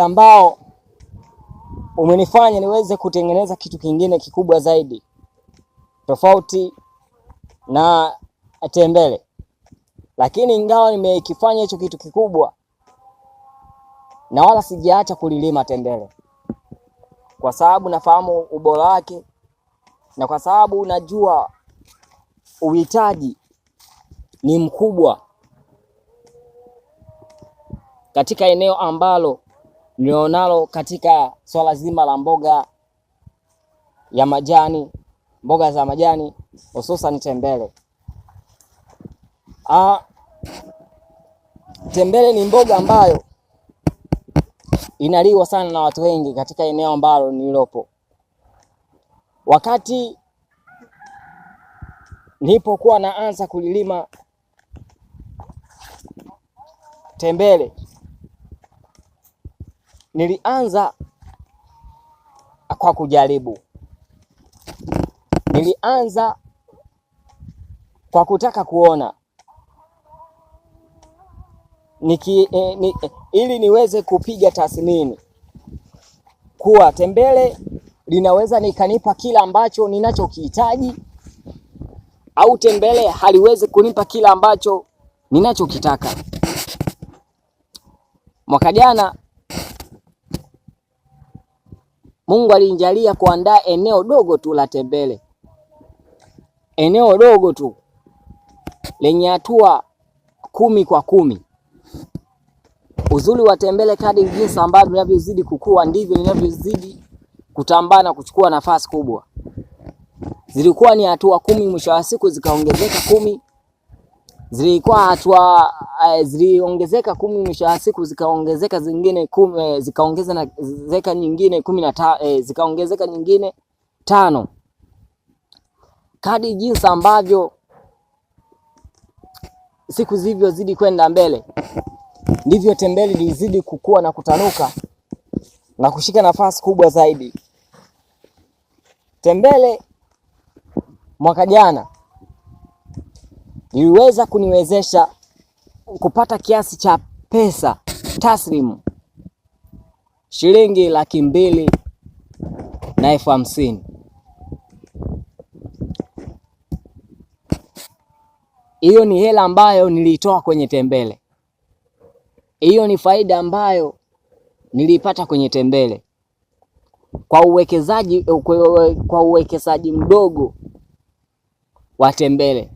ambao umenifanya niweze kutengeneza kitu kingine kikubwa zaidi tofauti na tembele. Lakini ingawa nimekifanya hicho kitu kikubwa, na wala sijaacha kulilima tembele, kwa sababu nafahamu ubora wake na kwa sababu najua uhitaji ni mkubwa katika eneo ambalo nilionalo katika swala zima la mboga ya majani, mboga za majani hususan tembele. Ah, tembele ni mboga ambayo inaliwa sana na watu wengi katika eneo ambalo nililopo. Wakati nilipokuwa naanza kulilima tembele nilianza kwa kujaribu, nilianza kwa kutaka kuona niki, eh, ni, eh, ili niweze kupiga tathmini kuwa tembele linaweza nikanipa kila ambacho ninachokihitaji au tembele haliwezi kunipa kila ambacho ninachokitaka. Mwaka jana Mungu alinijalia kuandaa eneo dogo tu la Tembele, eneo dogo tu lenye hatua kumi kwa kumi. Uzuri wa Tembele, kadi jinsi ambavyo linavyozidi kukua ndivyo linavyozidi kutambaa na kuchukua nafasi kubwa. Zilikuwa ni hatua kumi, mwisho wa siku zikaongezeka kumi, zilikuwa hatua uh, eh, ziliongezeka kumi, mwisho wa siku zikaongezeka zingine kumi, eh, zikaongezeka nyingine kumi na tano eh, zikaongezeka nyingine tano kadi jinsi ambavyo siku zilivyozidi kwenda mbele ndivyo tembele ilizidi kukua na kutanuka na kushika nafasi kubwa zaidi. Tembele mwaka jana liliweza kuniwezesha kupata kiasi cha pesa taslimu shilingi laki mbili na elfu hamsini. Hiyo ni hela ambayo niliitoa kwenye tembele. Hiyo ni faida ambayo niliipata kwenye tembele kwa uwekezaji, kwa uwekezaji mdogo wa tembele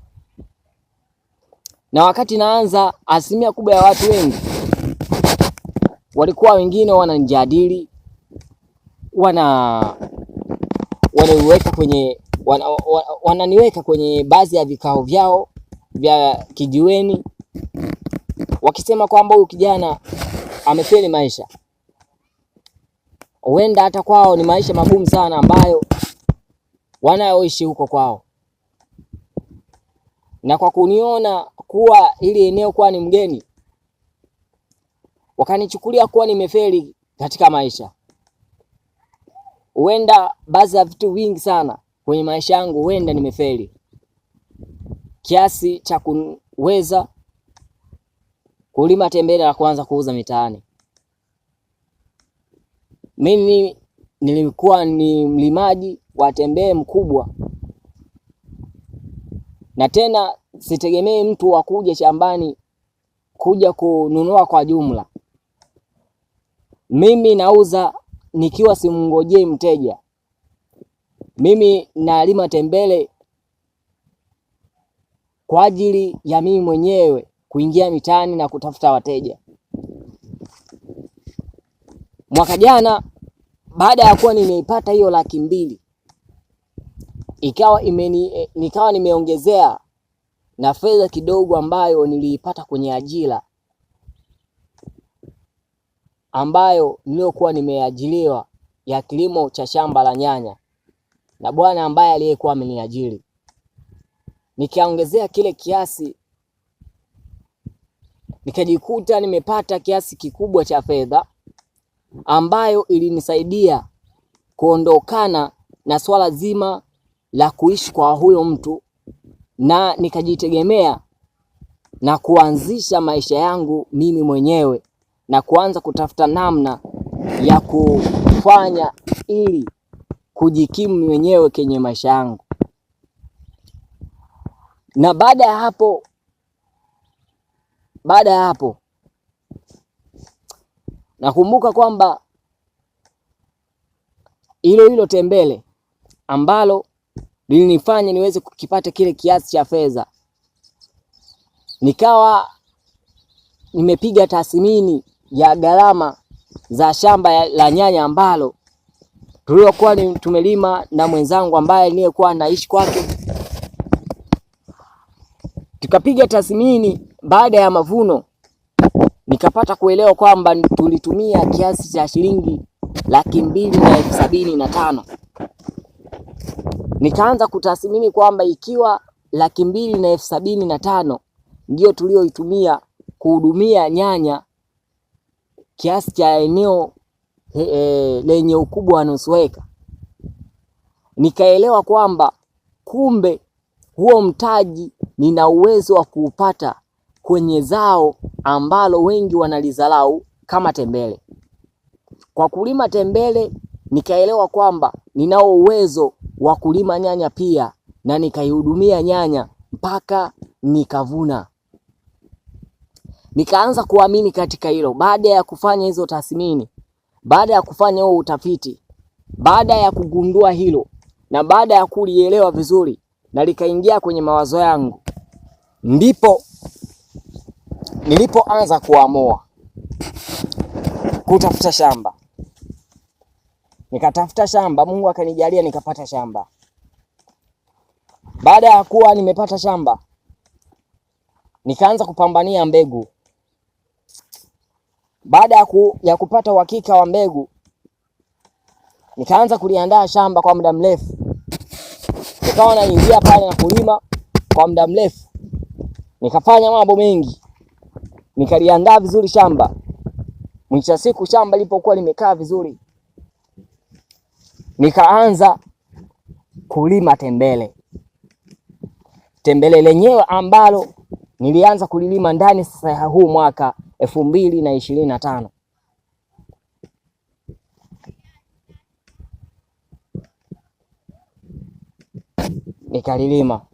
na wakati naanza, asilimia kubwa ya watu wengi walikuwa wengine wananijadili, wana wananiweka kwenye wana, wana, kwenye baadhi ya vikao vyao vya kijiweni, wakisema kwamba huyu kijana amefeli maisha, huenda hata kwao ni maisha magumu sana ambayo wanayoishi huko kwao na kwa kuniona kuwa hili eneo kuwa ni mgeni, wakanichukulia kuwa nimefeli katika maisha. Huenda baadhi ya vitu vingi sana kwenye maisha yangu, huenda nimefeli kiasi cha kuweza kulima tembele na kuanza kuuza mitaani. Mimi nilikuwa ni mlimaji wa tembele mkubwa na tena sitegemee mtu wa kuja shambani kuja kununua kwa jumla. Mimi nauza nikiwa simngojei mteja. Mimi nalima tembele kwa ajili ya mimi mwenyewe kuingia mitaani na kutafuta wateja. Mwaka jana baada ya kuwa nimeipata hiyo laki mbili ikawa imeni, eh, nikawa nimeongezea na fedha kidogo ambayo niliipata kwenye ajira ambayo niliyokuwa nimeajiriwa ya kilimo cha shamba la nyanya na bwana ambaye aliyekuwa ameniajiri, nikaongezea kile kiasi, nikajikuta nimepata kiasi kikubwa cha fedha ambayo ilinisaidia kuondokana na swala zima la kuishi kwa huyo mtu na nikajitegemea na kuanzisha maisha yangu mimi mwenyewe na kuanza kutafuta namna ya kufanya ili kujikimu mwenyewe kwenye maisha yangu. Na baada ya hapo, baada ya hapo nakumbuka kwamba hilo hilo tembele ambalo lilinifanya niweze kukipata kile kiasi cha fedha. Nikawa nimepiga tathmini ya gharama za shamba la nyanya ambalo tuliokuwa tumelima na mwenzangu ambaye niyekuwa naishi kwake. Tukapiga tathmini baada ya mavuno, nikapata kuelewa kwamba tulitumia kiasi cha shilingi laki mbili na elfu sabini na tano. Nikaanza kutathmini kwamba ikiwa laki mbili na elfu sabini na tano ndio tulioitumia kuhudumia nyanya kiasi cha eneo he, he, lenye ukubwa wa nusu eka, nikaelewa kwamba kumbe huo mtaji nina uwezo wa kuupata kwenye zao ambalo wengi wanalizalau kama tembele. Kwa kulima tembele nikaelewa kwamba ninao uwezo wa kulima nyanya pia, na nikaihudumia nyanya mpaka nikavuna. Nikaanza kuamini katika hilo. Baada ya kufanya hizo tathmini, baada ya kufanya huo utafiti, baada ya kugundua hilo na baada ya kulielewa vizuri na likaingia kwenye mawazo yangu, ndipo nilipoanza kuamua kutafuta shamba nikatafuta shamba, Mungu akanijalia nikapata shamba. Baada ya kuwa nimepata shamba, nikaanza kupambania mbegu. Baada ya, ku, ya kupata uhakika wa mbegu, nikaanza kuliandaa shamba kwa muda mrefu, nikawa naingia pale na kulima kwa muda mrefu, nikafanya mambo mengi, nikaliandaa vizuri shamba. Mwisho siku shamba lipokuwa limekaa vizuri nikaanza kulima tembele. Tembele lenyewe ambalo nilianza kulilima ndani sasa ya huu mwaka elfu mbili na ishirini na tano nikalilima